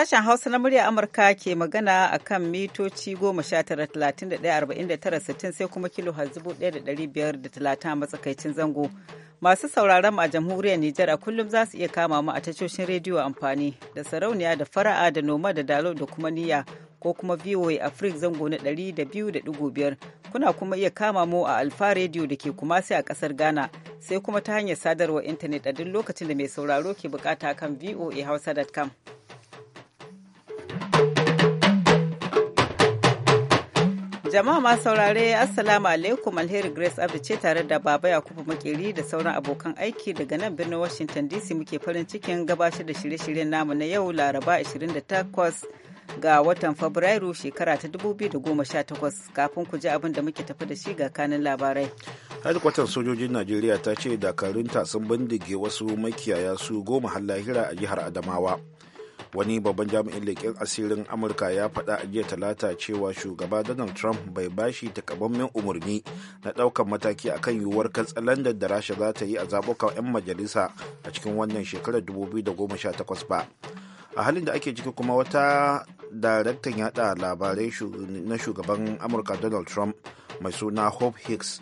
Sashen Hausa na murya Amurka ke magana a kan mitoci 19,31,49,60 sai kuma kilo a matsakaicin zango. Masu sauraron a jamhuriyar Nijar a kullum za su iya kama mu a tashoshin rediyo amfani da sarauniya da fara'a da noma da dalo da kuma niyya ko kuma VOA Africa zango na 200.5 kuna kuma iya kama mu a Alfa Radio da ke kuma sai a kasar Ghana sai kuma ta hanyar sadarwar intanet a duk lokacin da mai sauraro ke bukata kan voahausa.com. Jama'a ma saurare Assalamu alaikum Alheri Grace Abdu ce tare da Baba Yakubu Makeri da sauran abokan aiki daga nan birnin Washington DC muke farin cikin gabatar da shirye-shiryen namu na yau Laraba 28 ga watan Fabrairu shekara ta 2018 kafin ku ji abin da muke tafi da shi ga kanin labarai. Hedkwatan sojojin Najeriya ta ce dakarunta sun bindige wasu makiyaya su goma har a jihar Adamawa. wani babban jami'in leƙen asirin amurka ya faɗa a jiya talata cewa shugaba donald trump bai bashi takamammen umarni na ɗaukar mataki a kan yiwuwar katsalandar da rasha za ta yi a zaɓukan 'yan majalisa a cikin wannan shekarar 2018 ba a halin da ake ciki kuma wata daraktan yada labarai na shugaban amurka donald trump mai suna hope hicks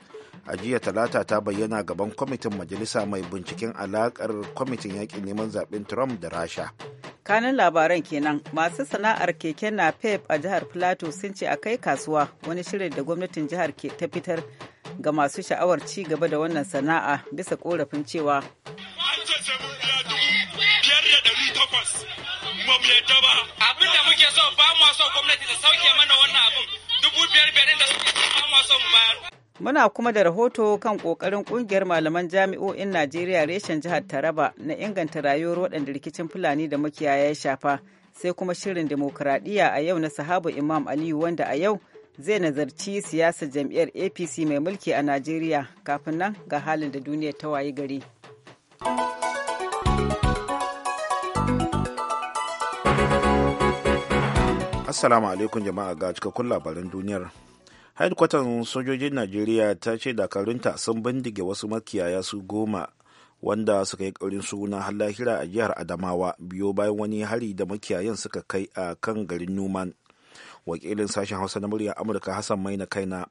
a jiya talata ta bayyana gaban kwamitin majalisa mai binciken alakar kwamitin yakin neman zaben trump da rasha kanin labaran kenan masu sana'ar keken na pep a jihar plateau sun ce a kai kasuwa wani shirin da gwamnatin jihar ke ta fitar ga masu sha'awar ci gaba da wannan sana'a bisa korafin cewa abin da muke so ba mu so gwamnati da sauke mana wannan abin dubu biyar biyar da Muna kuma da rahoto kan ƙoƙarin ƙungiyar malaman jami'o'in Najeriya reshen jihar Taraba na inganta rayuwar waɗanda rikicin Fulani da makiyaya ya shafa sai kuma shirin demokuraɗiyya a yau na sahabu Imam Aliyu wanda a yau zai nazarci siyasar jam'iyyar APC mai mulki a Najeriya kafin nan ga halin da duniyar ta wayi gari. Assalamu alaikum jama'a ga cikakkun labaran duniyar. Hedkwatan sojojin Najeriya ta ce dakarunta sun bindige wasu makiyaya su goma wanda suka yi ƙaurin suna har lahira a jihar Adamawa biyo bayan wani hari da makiyayan suka kai a kan garin Numan. Wakilin sashen Hausa na muryar Amurka Hassan Maina Kaina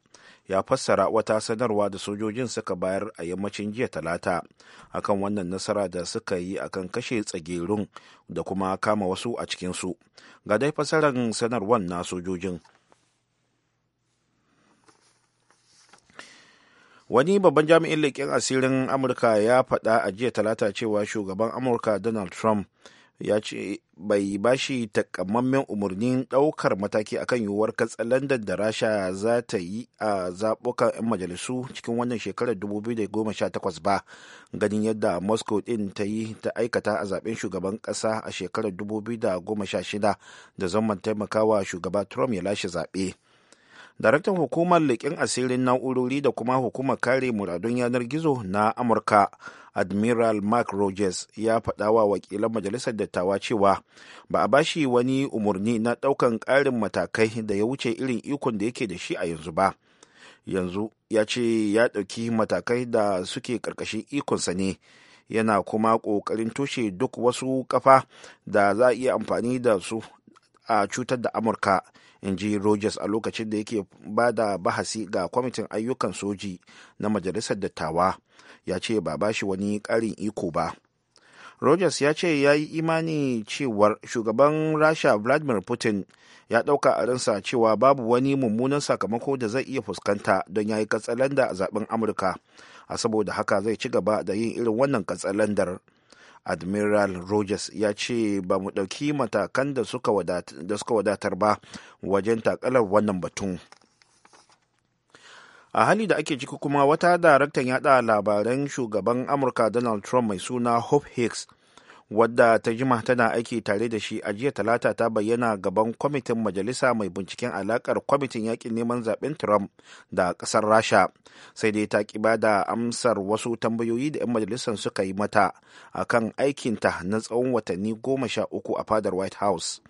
ya fassara wata sanarwa da sojojin suka bayar a yammacin jiya talata akan wannan nasara da suka yi akan kashe tsagerun da kuma kama wasu a cikinsu. Ga dai fassarar sanarwar na sojojin. wani babban jami'in leƙen asirin amurka ya faɗa a jiya talata cewa shugaban amurka donald trump ya ce bai ba shi takamammen umarnin ɗaukar mataki akan yiwuwar katsalandan da rasha za ta yi a zaɓukan 'yan majalisu cikin wannan shekarar 2018 ba ganin yadda moscow din ta yi ta aikata a zaɓen shugaban ƙasa a shekarar 2016 da zaman taimakawa shugaba trump ya lashe zaɓe. daraktan hukumar leƙen asirin na'urori da kuma hukumar kare muradun yanar gizo na amurka admiral mark rogers ya faɗa wa wakilan majalisar dattawa cewa ba a bashi wani umarni na ɗaukan ƙarin matakai da ya wuce irin ikon da yake da shi a yanzu ba yanzu ya ce ya ɗauki matakai da suke ƙarƙashin ikonsa ne yana kuma ƙoƙarin toshe duk wasu ƙafa da za a iya amfani da su a cutar da amurka in ji rogers a lokacin da yake ba da bahasi ga kwamitin ayyukan soji na majalisar dattawa ya ce ba ba shi wani ƙarin iko ba rogers ya ce ya yi imani cewar shugaban rasha vladimir putin ya ɗauka a ransa cewa babu wani mummunan sakamako da zai iya fuskanta don ya yi katsalanda a zaben amurka a saboda haka zai ci gaba da yin irin wannan katsalandar. admiral rogers ya ce ba mu ɗauki matakan da suka wadatar ba wajen takalar wannan batun a hali da ake ciki kuma wata daraktan yada labaran shugaban amurka donald trump mai suna hope hicks wadda ta jima tana aiki tare da shi a jiya talata ta bayyana gaban kwamitin majalisa mai binciken alakar kwamitin yakin neman zaben trump da kasar rasha sai dai ta ki da amsar wasu tambayoyi da 'yan majalisar suka yi mata akan aikinta na tsawon watanni goma sha uku a fadar white house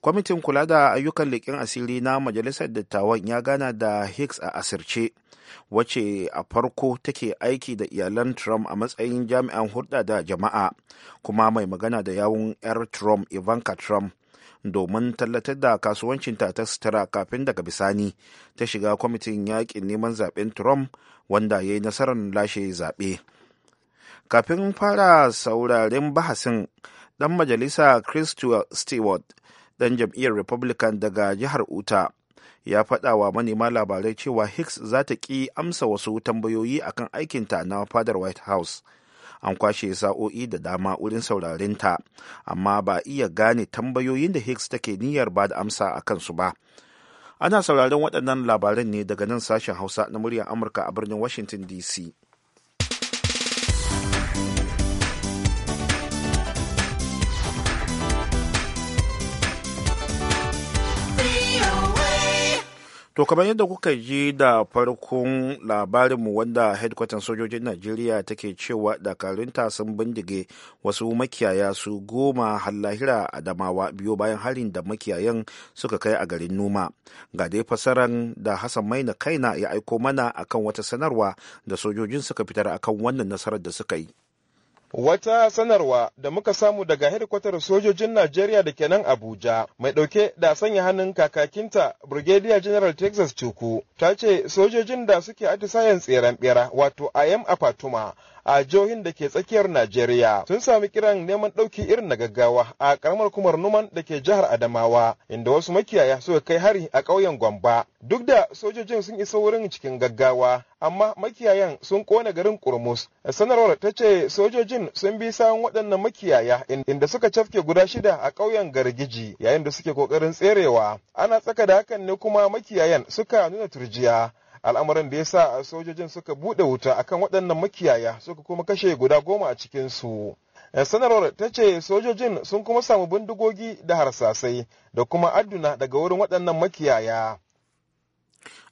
kwamitin kula da ayyukan leƙen asiri na majalisar dattawan ya gana da hicks a asirce wacce a farko take aiki da iyalan trump a matsayin jami'an hulɗa da jama'a kuma mai magana da yawun 'yar trump ivanka trump domin tallatar da kasuwancin ta ta sutura kafin daga bisani ta shiga kwamitin yaƙin neman zaɓen trump wanda ya yi nasarar lashe zaɓe kafin fara sauraren bahasin ɗan majalisa chris stewart dan jam'iyyar republican daga jihar uta ya faɗa wa manema labarai cewa hicks za ta ƙi amsa wasu tambayoyi akan aikinta na fadar white house an kwashe sa'o'i da dama wurin sauraren amma ba iya gane tambayoyin da hicks take niyyar ba da amsa a kansu ba ana sauraron waɗannan labaran ne daga nan sashen hausa na muryar amurka a birnin washington dc To kamar yadda kuka ji da farkon labarinmu wanda hedkwatan sojojin Najeriya take cewa dakarunta sun bindige wasu makiyaya su goma hallahira a damawa biyo bayan harin da makiyayan suka kai a garin numa Ga dai fasaran da Hassan Maina Kaina ya aiko mana akan wata sanarwa da sojojin suka fitar akan wannan nasarar da suka yi. Wata sanarwa da muka samu daga hedikwatar sojojin Najeriya da ke nan Abuja mai ɗauke da sanya hannun kakakinta Brigadier General Texas Chuku ta ce sojojin da suke atisayen tseren bera wato a Fatuma. a jihohin da ke tsakiyar Najeriya sun sami kiran neman ɗauki irin na gaggawa a karamar kumar numan da ke jihar Adamawa inda wasu makiyaya suka kai hari a ƙauyen Gwamba. Duk da sojojin sun isa wurin cikin gaggawa amma makiyayan sun kone garin Kurmus. Sanarwar ta ce sojojin sun bi sawun waɗannan makiyaya inda suka cafke guda shida a ƙauyen Gargiji yayin da suke ƙoƙarin tserewa. Ana tsaka da hakan ne kuma makiyayan suka nuna turjiya. al'amarin da ya sa sojojin suka buɗe wuta akan waɗannan makiyaya suka kuma kashe guda goma a cikin su eh, sanarwar ta ce sojojin sun kuma samu bindigogi da harsasai da kuma adduna daga wurin waɗannan makiyaya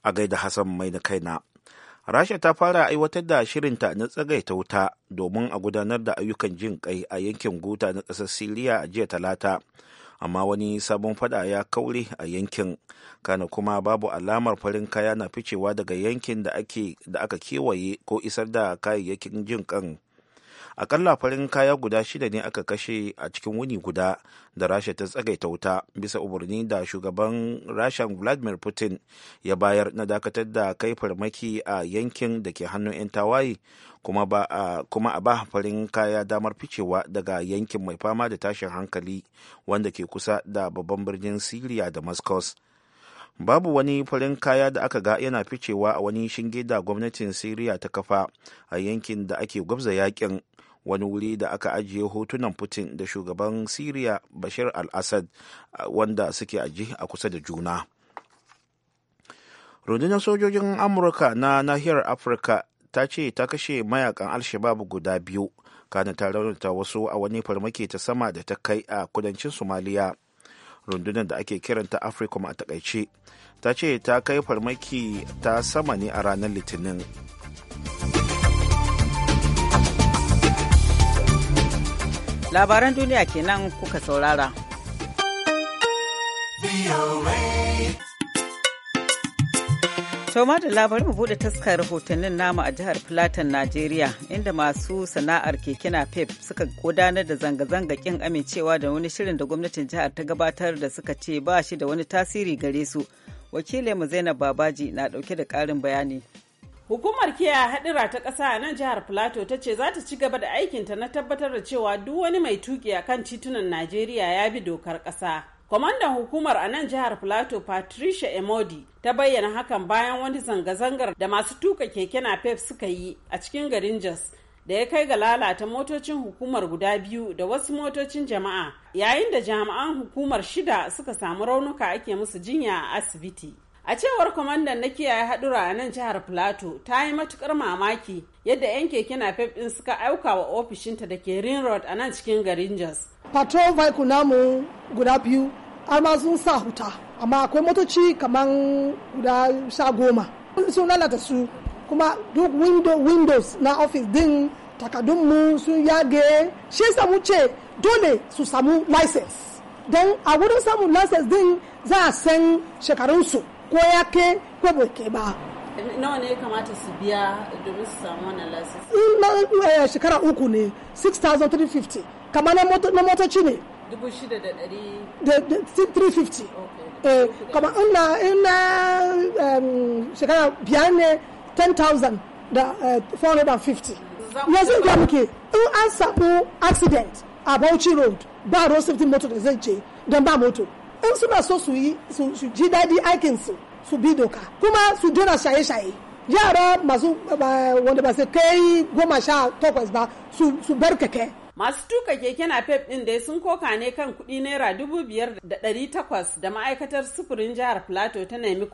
a gaida hasan mai da kaina rasha ta fara aiwatar da shirinta na tsagaita wuta domin a gudanar da ayyukan jin kai a yankin guta na ƙasar siriya a jiya talata amma wani sabon fada ya kaure a yankin kana kuma babu alamar farin kaya na ficewa daga yankin da aka kewaye ko isar da kayayyakin jin kan akalla farin kaya guda shida ne aka kashe a cikin wuni guda da rasha ta tsagaita wuta bisa umarni da shugaban rashan vladimir putin ya bayar na dakatar da kai farmaki a yankin da ke hannun 'yan tawaye kuma a ba farin kaya damar ficewa daga yankin mai fama da tashin hankali wanda ke kusa da babban birnin siriya da moscow babu wani farin kaya da aka ga yana ficewa a wani shinge da gwamnatin siriya ta kafa a yankin da ake gwabza yakin wani wuri da aka ajiye hotunan putin da shugaban siriya bashir al-assad wanda suke aji a kusa da juna rundunar sojojin amurka na nahiyar afirka ta ce ta kashe mayakan al-shabab guda biyu kana ta raunata wasu a wani farmaki ta sama da ta kai a kudancin somaliya rundunar da ake kiranta africom a takaice ta ce ta kai farmaki ta sama ne a ranar litinin labaran duniya kenan kuka saurara. ma da labarin mu bude taskar rahotannin namu a jihar Filatan Najeriya inda masu sana'ar keke na pep suka gudanar da zanga-zanga kin amincewa da wani shirin da gwamnatin jihar ta gabatar da suka ce ba shi da wani tasiri gare su. Wakilinmu Zainab Babaji na dauke da karin bayani. Hukumar kiyaye hadira ta ƙasa a nan jihar Plateau ta ce za ta ci gaba da aikinta na tabbatar da cewa duk wani mai tuki a kan titunan Najeriya ya bi dokar ƙasa. kwamandan hukumar a nan jihar plateau patricia emodi ta bayyana hakan bayan wani zanga-zangar da masu tuka keke napep suka yi a cikin garin jos da ya kai ga lalata motocin hukumar guda biyu da wasu motocin jama'a yayin da jami'an hukumar shida suka samu raunuka ake musu jinya a asibiti A cewar kwamandan na kiyaye haɗura a nan jihar Plateau ta yi matukar mamaki yadda 'yan keke fef din suka auka wa ofishinta da ke Ring Road a nan cikin garin Jos. Patrol vehicle namu guda biyu ma sun sa huta amma akwai motoci kamar guda sha goma. Sun lalata su kuma duk windows na ofis din takadunmu sun yage shi samu ce dole su samu license don a wurin samun license din za a san shekarunsu ko ya ke ko bai kai ba nawa ne kamata su biya domin su samu wannan lasis in eh, shekara uku ne 6350 kamar na motoci ne 6350 eh, kamar in na shekara biyar ne 10,450 eh, yanzu ga muke in an samu accident a bauchi road ba road safety motor da zai ce don ba motor in suna so su yi su ji daɗi aikin su bi doka kuma su dina shaye-shaye yara masu wanda ba su kai goma sha takwas ba su bar keke masu tuka keke na pep din dai sun koka ne kan kuɗi naira dubu biyar da ɗari takwas da ma'aikatar sufurin jihar plateau ta nemi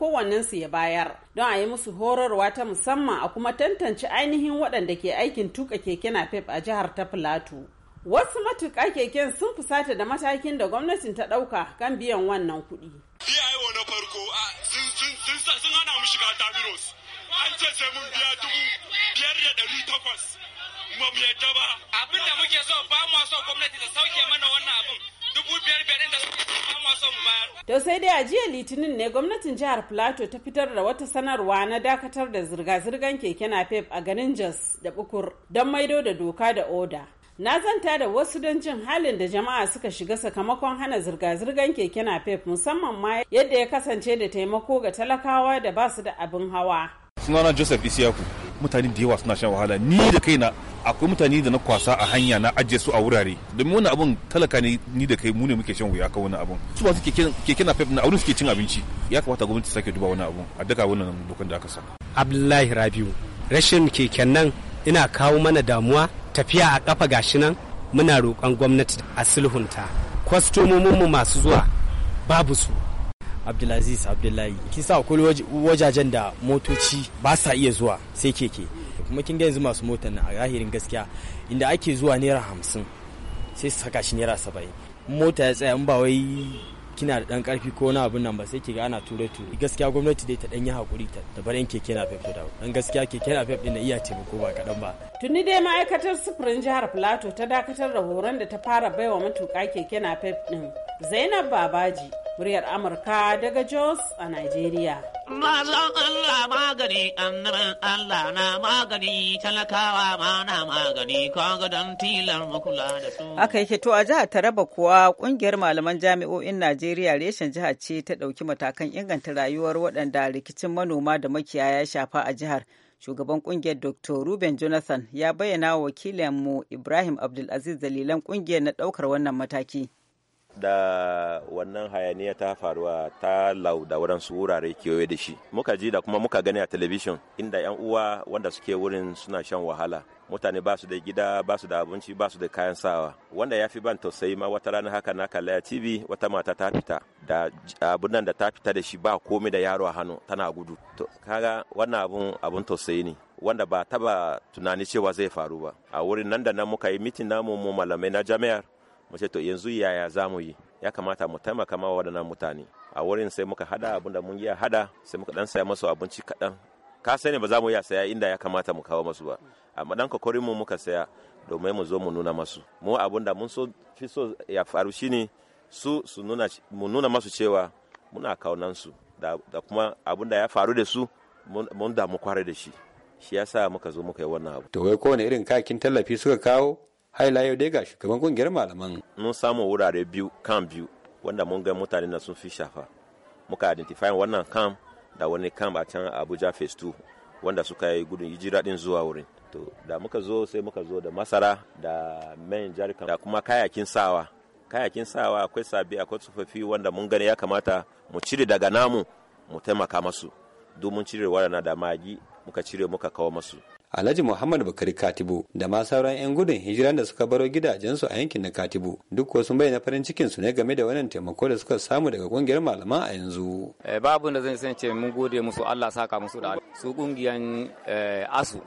su ya bayar don a yi musu horarwa ta musamman a kuma tantance ainihin waɗanda ke aikin tuka keke na pep a jihar ta plateau Wasu matuƙa keken sun fusata da matakin da gwamnatin ta ɗauka kan biyan wannan kuɗi. Iyayewa na farko sun hana mu shiga Tamiros. An ce sai mun biya dubu biyar da ɗari takwas. Ba mu yadda ba. Abin da muke so ba mu so gwamnati ta sauke mana wannan abin. Dubu biyar biyar da ba mu so mu bayar. To sai dai a jiya Litinin ne gwamnatin jihar Plateau ta fitar da wata sanarwa na dakatar da zirga zirgan keke napep a garin Jos da Bukur don maido da doka da oda. na zanta da wasu don jin halin da jama'a suka shiga sakamakon hana zirga-zirgar keke napep musamman ma yadda ya kasance da taimako ga talakawa da ba su da abin hawa sunana joseph isiyaku mutane da yawa suna shan wahala ni da kaina akwai mutane da na kwasa a hanya na ajiye su a wurare domin wani abun talaka ne ni da kai mu ne muke shan wuya kan wani abun su masu keke na pep na auren suke cin abinci ya kamata gwamnati sake duba wani abun a daka wannan dokan da aka sa abdullahi rabiu rashin keken nan ina kawo mana damuwa tafiya a kafa gashi nan muna roƙon gwamnati a sulhunta kwastomominmu masu zuwa babu su abdulaziz abdullahi sa akwai wajajen da motoci ba sa iya zuwa sai keke kuma kin ga yanzu masu motar nan a zahirin gaskiya inda ake zuwa naira hamsin sai su saka shi naira saba'in mota ya tsaya in ba wai kina da dan karfi ko na abun nan ba sai kiga ana ture ture gaskiya gwamnati dai ta dan yi hakuri ta da barin keke fefe da dan gaskiya keke na din na iya taimako ba kadan ba tuni dai ma'aikatar sufurin jihar plateau ta dakatar da horon da ta fara baiwa matuƙa keke fefe din zainab babaji muryar Amurka daga Jos a Najeriya. Mazan Allah magani, annaban Allah na magani, talakawa ma na magani, kwanga don tilar makula da su. Aka yake to a jihar Taraba kuwa kungiyar malaman jami'o'in Najeriya reshen jiha ce ta ɗauki matakan inganta rayuwar waɗanda rikicin manoma da makiyaya ya shafa a jihar. Shugaban kungiyar Dr. Ruben Jonathan ya bayyana wa wakilinmu Ibrahim Abdulaziz dalilan kungiyar na ɗaukar wannan mataki. da wannan hayaniya ta faruwa ta lau da wurin su wurare kewaye da shi muka ji da kuma muka gani a talabishin inda yan uwa wanda suke wurin suna shan wahala mutane ba su da gida ba su da abinci ba su da kayan sawa wanda ya fi ban tausayi ma wata rana haka na kalla tv wata mata ta fita da abun nan da ta fita da shi ba komai da yaro a hannu tana gudu to kaga wannan abun abun tausayi ne wanda ba taba tunani cewa zai faru ba a wurin nan da nan muka yi mitin namu mu malamai na jami'ar mu ce to yanzu yaya za mu yi ya kamata mu taimaka ma waɗannan mutane a wurin sai muka hada abin da mun yi a hada sai muka dan saya masu abinci kaɗan ka sai ne ba za mu iya saya inda ya kamata mu kawo masu ba amma dan kokorin mu muka saya domin mu zo mu nuna masu mu abin da mun so fi so ya faru shine su su nuna mu nuna masu cewa muna kaunan su da, kuma abin da ya faru da su mun damu kware da shi shi yasa muka zo muka yi wannan abu to wai kowane irin kakin tallafi suka kawo haila yau dai ga shugaban kungiyar malaman mun samu wurare biyu kan biyu wanda mun ga mutane na sun fi shafa muka identify wannan kam da wani kam a can abuja phase 2 wanda suka yi gudun hijira din zuwa wurin to da muka zo sai muka zo da masara da man jarikan da kuma kayakin sawa kayakin sawa akwai sabi akwai tsofaffi wanda mun gani ya kamata mu cire daga namu mu taimaka masu domin cire wadana da magi muka cire muka kawo masu Alhaji Muhammad Bakari Katibu da ma sauran 'yan gudun hijira da suka baro gidajensu a yankin na Katibu duk ko sun bayyana farin cikin su ne game da wannan taimako da suka samu daga kungiyar malaman a yanzu. Eh, babu da zan sance mun gode musu Allah saka musu da su kungiyan eh, asu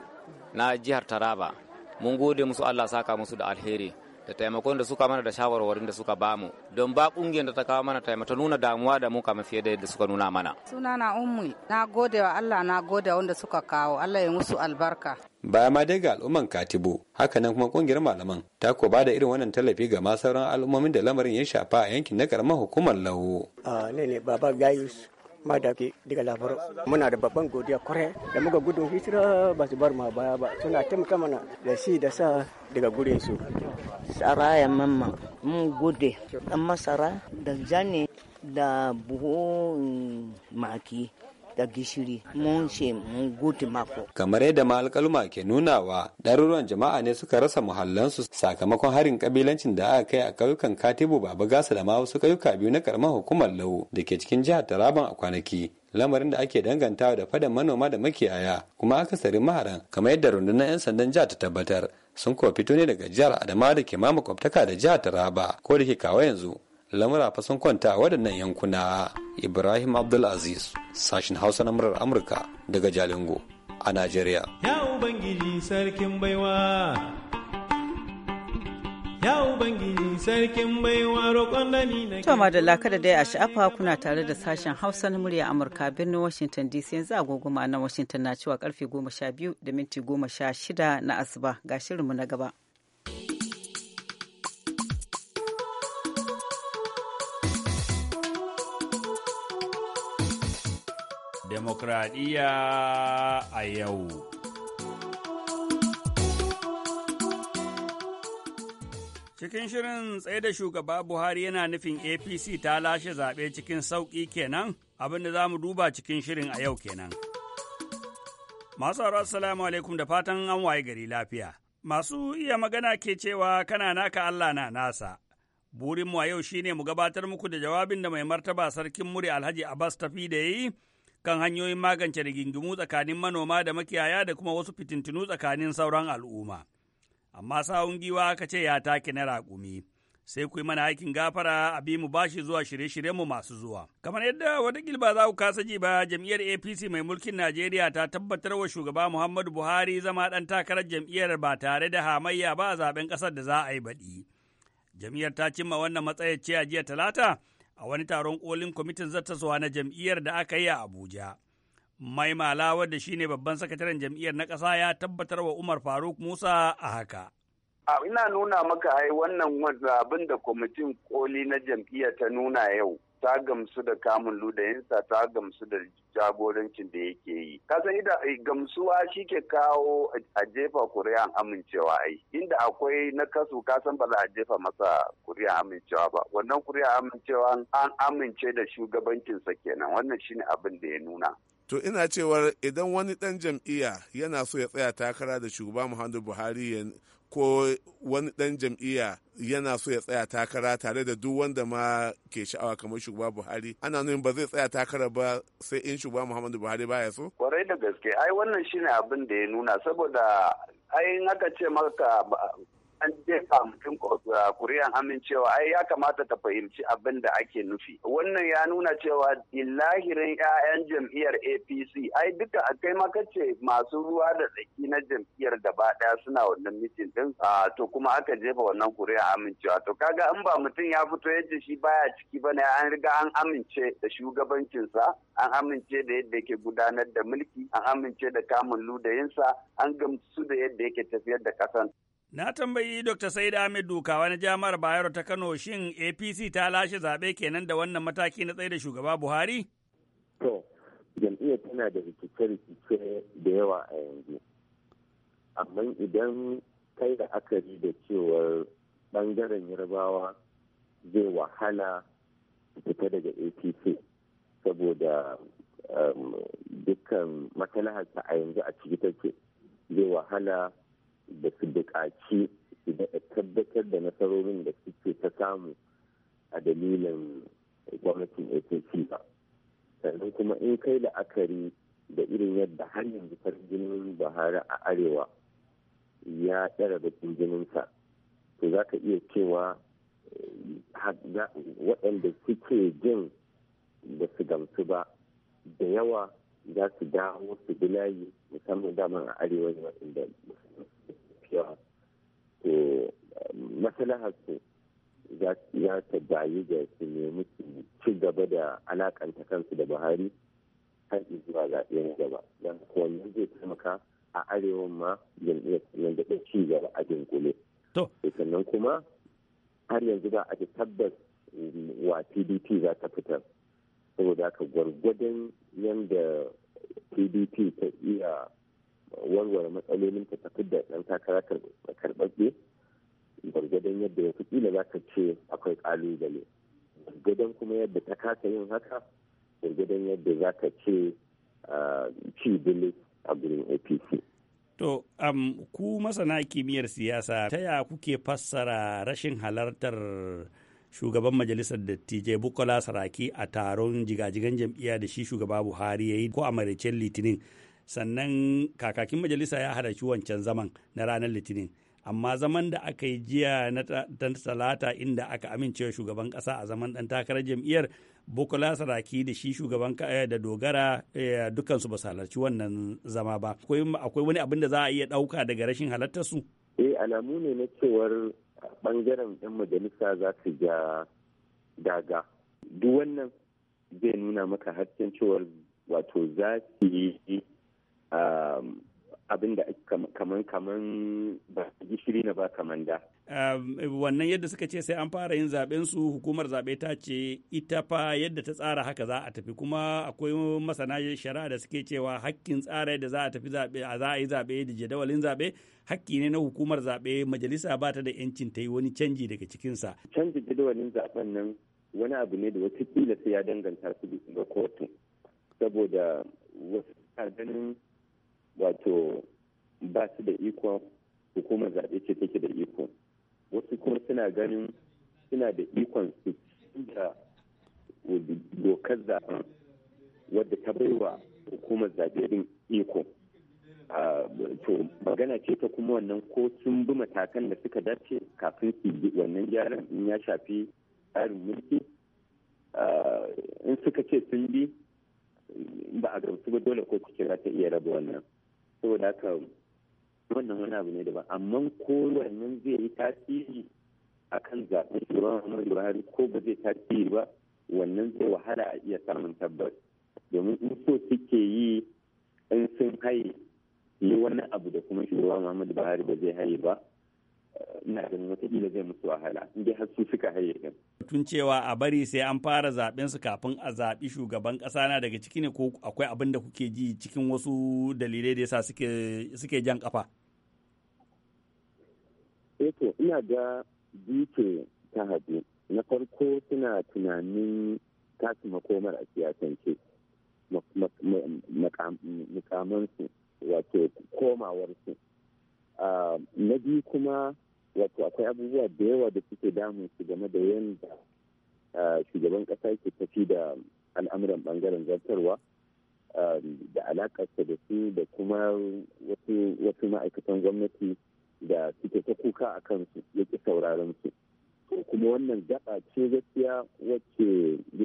na jihar Taraba mun gode musu Allah saka musu da alheri. da taimakon da suka mana da shawarwarin da suka bamu don ba kungiyar da ta kawo mana taimako nuna damuwa da mu kama fiye da yadda suka nuna mana suna na ummi na gode wa Allah na gode wanda suka kawo Allah ya musu albarka baya ma dai ga al'umman katibu hakanan kuma kungiyar malaman ta ko ba da irin wannan tallafi ga ma sauran al'ummomin da lamarin ya shafa a yankin na karamar hukumar lawo a ah, ne baba gayus madaki daga labaru muna da babban godiya kwarai da muka gudun hijira ba su bar ma baya ba suna taimaka mana da shi da sa daga gure su saraya mamma mun gode dan masara da jani da buhu maki da gishiri mun ce mun gudu mako. Kamar yadda ma alƙaluma ke nunawa ɗaruruwan jama'a ne suka rasa muhallansu sakamakon harin ƙabilancin da aka kai a ƙauyukan Katibu Baba Gasa da ma wasu ƙauyuka biyu na karamar hukumar Lau da ke cikin jihar Taraban a kwanaki. lamarin da ake dangantawa da fadan manoma da makiyaya kuma akasarin maharan kamar yadda rundunar 'yan sandan jihar ta tabbatar sun kuwa fito ne daga jihar adama da ke mamakwabtaka da jihar taraba ko da ke kawo yanzu lamura fa sun kwanta a waɗannan yankuna ibrahim abdulaziz sashin hausa na murar amurka daga jalingo a najeriya ya ubangiji sarkin baiwa ya ubangiji sarkin baiwa roƙon da ni na to madalla kada dai a sha'afa kuna tare da sashen hausa na murya amurka birnin washington dc yanzu agogoma na washington na cewa karfe goma sha biyu da minti goma sha shida na asuba ga shirinmu na gaba demokradiyya a yau. Cikin shirin tsaye da shugaba Buhari yana nufin APC ta lashe zaɓe cikin sauƙi kenan abinda za mu duba cikin shirin a yau kenan. Masu haro assalamu alaikum da fatan an waye gari lafiya. Masu iya magana ke cewa kana naka Allah na nasa. Burinmu a yau shine mu gabatar muku da jawabin da mai martaba sarkin muri Alhaji Abbas tafi da yi kan hanyoyin magance rigingimu tsakanin manoma da makiyaya da kuma wasu fitintunu tsakanin sauran al'umma. Amma sawun giwa aka ce ya take na raƙumi. Sai ku yi mana aikin gafara a bi mu bashi zuwa shirye-shiryenmu masu zuwa. Kamar yadda wata gilba za ku kasa ji ba, jam'iyyar APC mai mulkin Najeriya ta tabbatar wa shugaba Muhammadu Buhari zama ɗan takarar jam'iyyar ba tare da hamayya ba a zaben ƙasar da za a yi baɗi. Jam'iyyar ta cimma wannan matsayar ce a jiya Talata, a wani taron kolin kwamitin zuwa na jam'iyyar da aka yi a Abuja. Mai wadda shi ne babban sakataren jam'iyyar na ƙasa ya tabbatar wa Umar Faruk Musa a haka. Ina nuna maka ai wannan abin da kwamitin koli na jam'iyyar ta nuna yau. ta gamsu da kamun ludayinsa ta gamsu da jagorancin da yake yi kasan ida eh, gamsuwa shi ke kawo a jefa kuri'a amincewa ai inda akwai na kasu kasan ba za a jefa masa kuri'a amincewa ba wannan kuri'a amincewa an amince da shugabancinsa kenan wannan shine abin da ya nuna to ina cewar idan wani dan jam'iyya yana so ya tsaya takara da shugaba muhammadu buhari ya ko wani dan jam'iyya yana so ya tsaya takara tare da duk wanda ma ke sha'awa kamar shugaba Buhari ana nuna ba zai tsaya takara ba sai in shugaba Muhammadu Buhari baya so kwarai da gaske ai wannan shine abin da ya nuna saboda ai in aka ce maka an jefa mutum uh, kuri'an amincewa ai ya kamata ta fahimci abin da ake nufi wannan ya nuna cewa illahirin 'ya'yan jam'iyyar apc ai duka a kai makace masu ruwa da tsaki na jam'iyyar gaba daya suna wannan mitin din to kuma aka jefa wannan kuri'an amincewa to kaga in ba mutum ya fito yadda shi baya ciki ba ne an riga an amince da shugabancinsa an amince da yadda yake gudanar da mulki an amince da kamun ludayinsa an gamsu da yadda yake tafiyar da kasan Na tambayi Dr. Saida Ahmed Dukawa na Jami'ar Bayero ta Kano shin APC ta lashe zaɓe kenan da wannan mataki na tsaye da shugaba Buhari? To, jam'iyyar tana da rikice-rikice da yawa a yanzu. Amma idan kai da akari da cewar ɓangaren yarbawa zai wahala fita daga APC saboda um, dukkan matalahar a yanzu a ciki take zai wahala da su buƙaci tabbatar da nasarorin da suke ta samu a dalilin gwamnatin APC ba. Sannan kuma in kai la'akari da irin yadda har yanzu jinin Buhari a Arewa ya ɗara da jininsa, to za ka iya cewa eh, waɗanda suke jin da su gamsu ba da yawa za su dawo su bi layi musamman daman a arewa ne waɗanda yawa to su za ta bayi da su nemi su ci gaba da alakanta kansu da buhari har zuwa zaɓen gaba don kowanne zai taimaka a arewa ma jam'iyyar da ci gaba a dinkule. To. sannan kuma har yanzu ba a tabbas wa PDP za ta fitar. saboda haka gwargwadon yadda pdp ta iya warware matsalolin ta tafi da ɗan takara karɓaɓɓe gwargwadon yadda ya fi za ka ce akwai ƙalubale gwargwadon kuma yadda ta kasa yin haka gwargwadon yadda za ka ce ci bilis a gurin apc To, um, ku masana kimiyyar siyasa, ta ya kuke fassara rashin halartar shugaban majalisar dattijai bukola saraki a taron jigajigan jam'iyya da shi shugaba buhari ya yi ko a maraicen litinin sannan kakakin majalisa ya halarci wancan zaman na ranar litinin amma zaman da aka yi jiya na talata inda aka amincewa shugaban kasa a zaman dan takarar jam'iyyar bukola saraki da shi shugaban eh, da dogara eh, dukansu ba su halarci wannan zama ba akwai wani abin da za a iya dauka daga rashin halartar su eh alamu ne na cewar bangaren 'yan majalisa za su ja daga duk wannan zai nuna maka hasken cewa wato za su yi ah, abin da kamar kamar ba gishiri na ba kamar da wannan yadda suka ce sai an fara yin zaben su hukumar zaɓe ta ce ita fa yadda ta tsara haka za a tafi kuma akwai masana shari'a da suke cewa hakkin tsara yadda za a tafi zaɓe a za a yi zaɓe da jadawalin zaɓe hakki ne na hukumar zaɓe majalisa ba ta da yancin ta yi wani canji daga cikinsa. canji jadawalin zaɓen nan wani abu ne da kila sai ya danganta su ga kotu saboda wasu ganin wato ba su da iko hukumar zaɓe ce take da iko wasu kuma suna ganin suna da ikon su da dokar zaben wadda ta baiwa hukumar zaɓe din iko to magana ce ta kuma wannan ko sun bi matakan da suka dace kafin su yi wannan gyaran in ya shafi tsarin mulki in suka ce sun bi ba a gamsu ba dole ko kira ta iya raba wannan saboda haka wannan wani abu ne daban amma ko wannan zai yi tasiri a kan zaɓen shugaban Muhammadu Buhari ko ba zai tasiri ba wannan zai wahala a iya samun tabbas domin in so suke yi in sun haye yi wani abu da kuma shugaba Muhammadu Buhari ba zai haye ba ina ganin wataƙila zai musu wahala in dai har su suka haye kan Tun cewa a bari sai an fara zaɓen su kafin a zaɓi shugaban ƙasa na daga ciki ne ko akwai abin da kuke ji cikin wasu dalilai da yasa suke jan kafa. eh to ina ga dutse ta haɗu na farko suna tunanin tasu makomar a siyasance mukamansu wato komawarsu ah, na biyu kuma wato akwai abubuwa da yawa da suke damun su game da yadda ah, shugaban ƙasa ke tafi da al'amuran bangaren zartarwa ah, da alaƙarsa da su da kuma wasu ma'aikatan gwamnati da suke ta kuka a kansu ya ki sauraron su kuma wannan gaba ce gaskiya wacce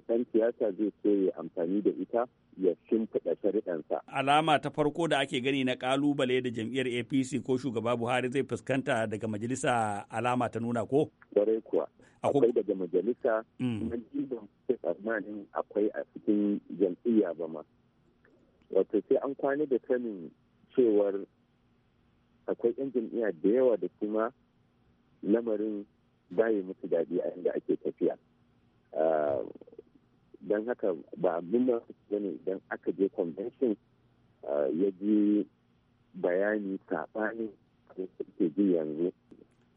ɗan siyasa zai so ya amfani da ita ya shimfiɗa shari'ansa. Alama ta farko da ake gani na ƙalubale da jam'iyyar APC ko shugaba Buhari zai fuskanta daga majalisa alama ta nuna ko? Kwarai kuwa. Akwai daga majalisa, mm. kuma jibin tsammanin akwai a cikin jam'iyya ba ma. Wato sai an kwana da sanin cewar akwai 'yan jam'iyya da yawa da kuma lamarin bayi musu daɗi a inda ake tafiya ah, don haka ba abin da ne idan aka je convention ah, ya ji bayani saɓanin ke ji yanzu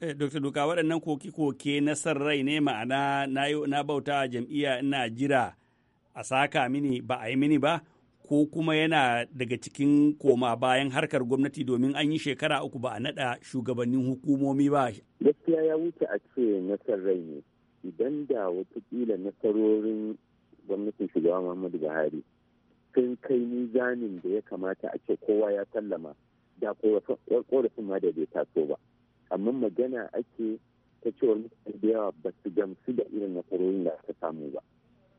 eh, Dr. Duka waɗannan koke-koke na san rai ne ma'ana na bauta jam'iyya ina jira a saka mini ba a yi mini ba ko kuma yana daga cikin koma bayan harkar gwamnati domin an yi shekara uku ba a naɗa shugabannin hukumomi ba. Gaskiya ya wuce a ce nasar rai ne idan da watakila nasarorin gwamnatin shugaban Muhammadu Buhari sun kai mizanin da ya kamata a ce kowa ya sallama da korafin ma da bai taso ba. Amma magana ake ta cewar mutane da yawa ba su gamsu da irin nasarorin da aka samu ba.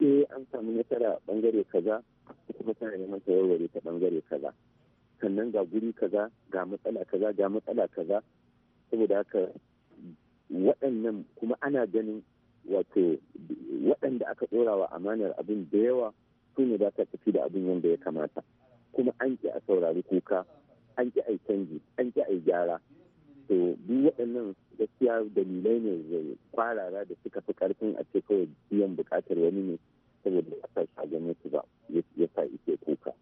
Eh an samu nasara bangare kaza kuma ya neman ta warware ta bangare kaza sannan ga guri kaza ga matsala kaza ga matsala kaza saboda haka waɗannan kuma ana ganin wato waɗanda aka ɗorawa amanar abin da yawa su ne ba ta tafi da abin yadda ya kamata kuma an ƙi a saurari kuka an ƙi a canji an ƙi a gyara to duk waɗannan gaskiya dalilai ne kwarara da suka fi ƙarfin a ce kawai biyan buƙatar wani ne saboda ya sa shi a gane su ba ya sa ike kuka.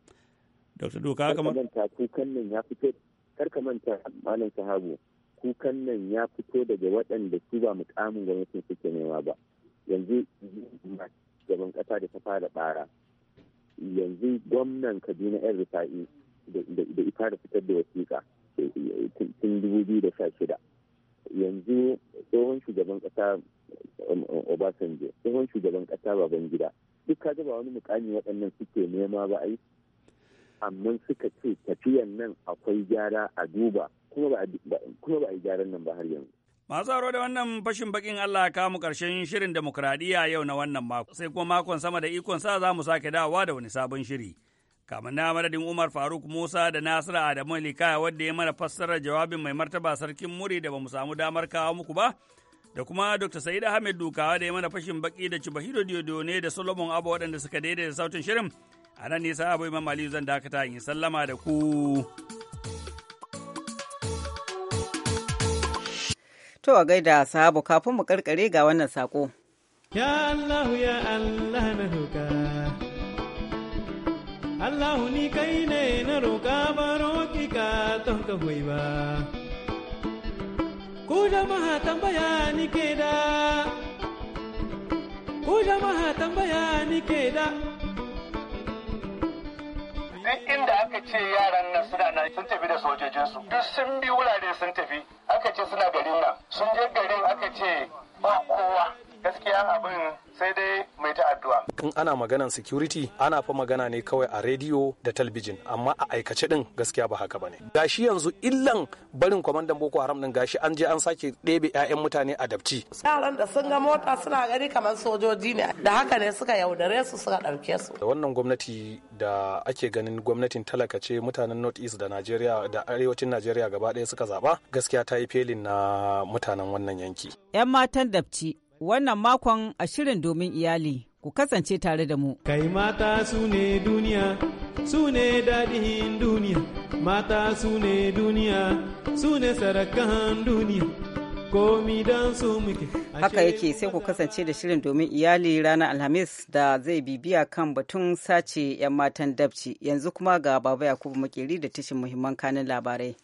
Dr. Doka kamar. manta kukan nan ya fito kar manta malam sahabu kukan nan ya fito daga waɗanda su ba mukamin gwamnatin suke nema ba yanzu gaban ƙasa da ta fara ɓara yanzu gwamnan kaduna ƴan rufa'i da ita da fitar da wasiƙa tun dubu biyu da sha shida yanzu tsohon shugaban ƙasa um, um, obasanjo tsohon shugaban ƙasa baban gida duk ka ba wani mukami waɗannan suke nema ba ai amma suka ce tafiyan nan akwai gyara a duba kuma ba a yi gyaran nan ba har yanzu. Masu aro da wannan fashin bakin Allah ka mu karshen shirin demokradiyya yau na wannan mako sai kuma makon sama da ikon sa za mu sake dawa da wani sabon shiri. Kamar na madadin Umar Faruk Musa da Nasiru Adamu Likaya wadda ya mana fassarar jawabin mai martaba sarkin muri da ba mu samu damar kawo muku ba. da kuma Dr. Sa'id Ahmed Dukawa da ya mana fashin baki da Cibahiro Diodo ne da Solomon Abba waɗanda suka daidaita sautin shirin. A nan nisa sa'a bai mamali zan dakata in sallama da ku. To a gaida sahabu kafin mu karkare ga wannan sako. Ya Allah ya Allah na roƙa. Allah ni kai ne na roƙa baro ki ka ton ka ba. ku jama'a tambaya ni ke da ku jama'a tambaya ni ke da duk inda aka ce yaran nan suna nan sun tafi da sojojinsu duk sun bi wurare sun tafi aka ce suna garin nan sun je garin aka ce ba kowa gaskiya abin sai dai mai ta addu'a in ana maganan security ana fa magana ne kawai a rediyo da talbijin amma a aikace din gaskiya ba haka ba ne. gashi yanzu illan barin kwamandan boko haram din gashi an je an sake ɗebe 'ya'yan mutane a dabci yaran da sun ga mota suna gani kamar sojoji ne da haka ne suka yaudare su suka ɗauke su da wannan gwamnati da ake ganin gwamnatin talaka ce mutanen north east da najeriya da arewacin najeriya gaba ɗaya suka zaba gaskiya ta yi felin na mutanen wannan yanki 'yan matan dabci wannan makon a shirin domin iyali ku kasance tare da mu. Kai mata su ne duniya, su ne daɗin duniya, mata su ne duniya, su ne sarakan duniya. Haka yake sai ku kasance da shirin domin iyali ranar Alhamis da zai bibiya kan batun sace 'yan matan dabci yanzu kuma ga Baba Yakubu Makeri da tashin muhimman kanin labarai.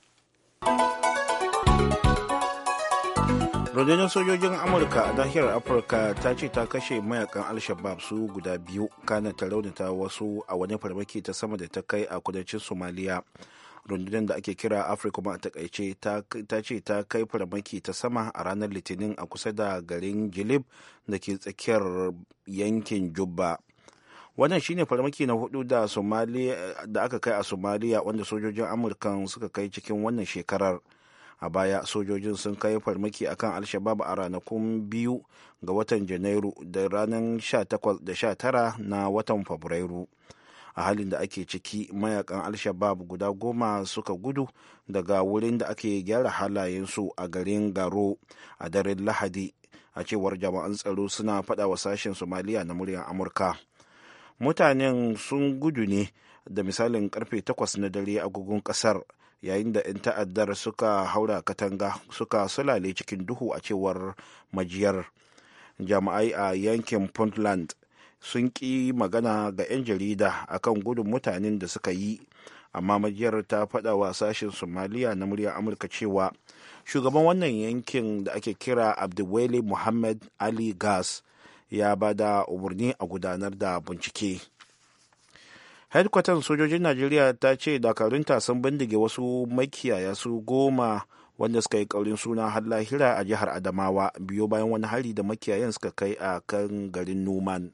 rundunar sojojin amurka a nahiyar afirka ta ce ta kashe mayakan al-shabab su guda biyu kana ta raunata wasu a wani farmaki ta sama da ta kai a kudancin somaliya rundunar da ake kira afirka a takaice ta ce ta kai farmaki ta sama a ranar litinin a kusa da garin jilib da ke tsakiyar yankin juba wannan shine farmaki na hudu da da aka kai a somaliya wanda sojojin amurka suka kai cikin wannan shekarar a baya sojojin sun kai farmaki akan alshabab a ranakun biyu ga watan janairu da ranar 18 da 19 na watan fabrairu a halin da ake ciki mayakan alshabab guda goma suka gudu daga wurin da ake gyara halayen su a garin garo a daren lahadi a cewar jama'an tsaro suna fada wa sashen somaliya na muryar amurka mutanen sun gudu ne da misalin karfe 8 na dare agogon kasar yayin da 'yan ta'addar suka haura katanga suka sulale cikin duhu a cewar majiyar jama'ai a yankin puntland sun ƙi magana ga 'yan jarida akan gudun mutanen da suka yi amma majiyar ta faɗa wa sashen somaliya na muryar amurka cewa shugaban wannan yankin da ake kira abdulwale muhammad ali gas ya bada umarni a gudanar da bincike hedkwatan sojojin najeriya ta ce dakarunta sun bindige wasu makiyaya su goma wanda suka yi kaurin suna har lahira a jihar adamawa biyo bayan wani hari da makiyayan suka kai a kan garin numan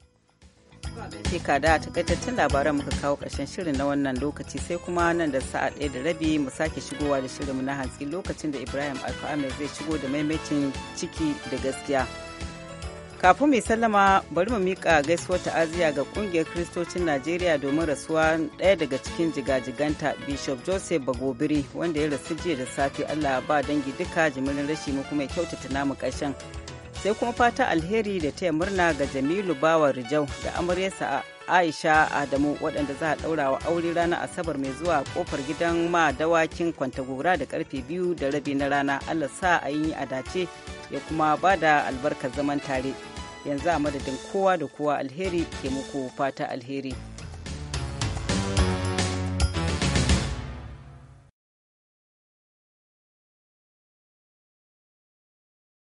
Shika da takaitattun labaran muka kawo ƙarshen shirin na wannan lokaci sai kuma nan da sa'a ɗaya da rabi mu sake shigowa da shirinmu na hantsi lokacin da Ibrahim alfa'amai zai shigo da maimacin ciki da gaskiya. kafin mai sallama bari mu miƙa gaisuwar ta'aziyya ga kungiyar kristocin najeriya domin rasuwa ɗaya daga cikin jigajiganta bishop joseph bagobiri wanda ya rasu jiya da safe allah ba dangi duka jimirin rashi mu kuma ya kyautata namu ƙarshen sai kuma fata alheri da taya murna ga jamilu bawa rijau da amaryarsa aisha adamu waɗanda za a ɗaura wa aure ranar asabar mai zuwa kofar gidan ma dawakin kwantagora da karfe biyu da rabi na rana allah sa a yi a dace ya kuma ba da albarkar zaman tare yanzu a madadin kowa da kowa alheri ke muku fata alheri